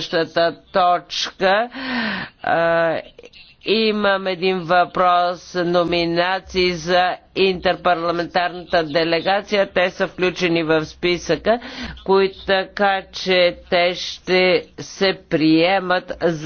следващата точка а, имам един въпрос номинации за интерпарламентарната делегация. Те са включени в списъка, които така че те ще се приемат за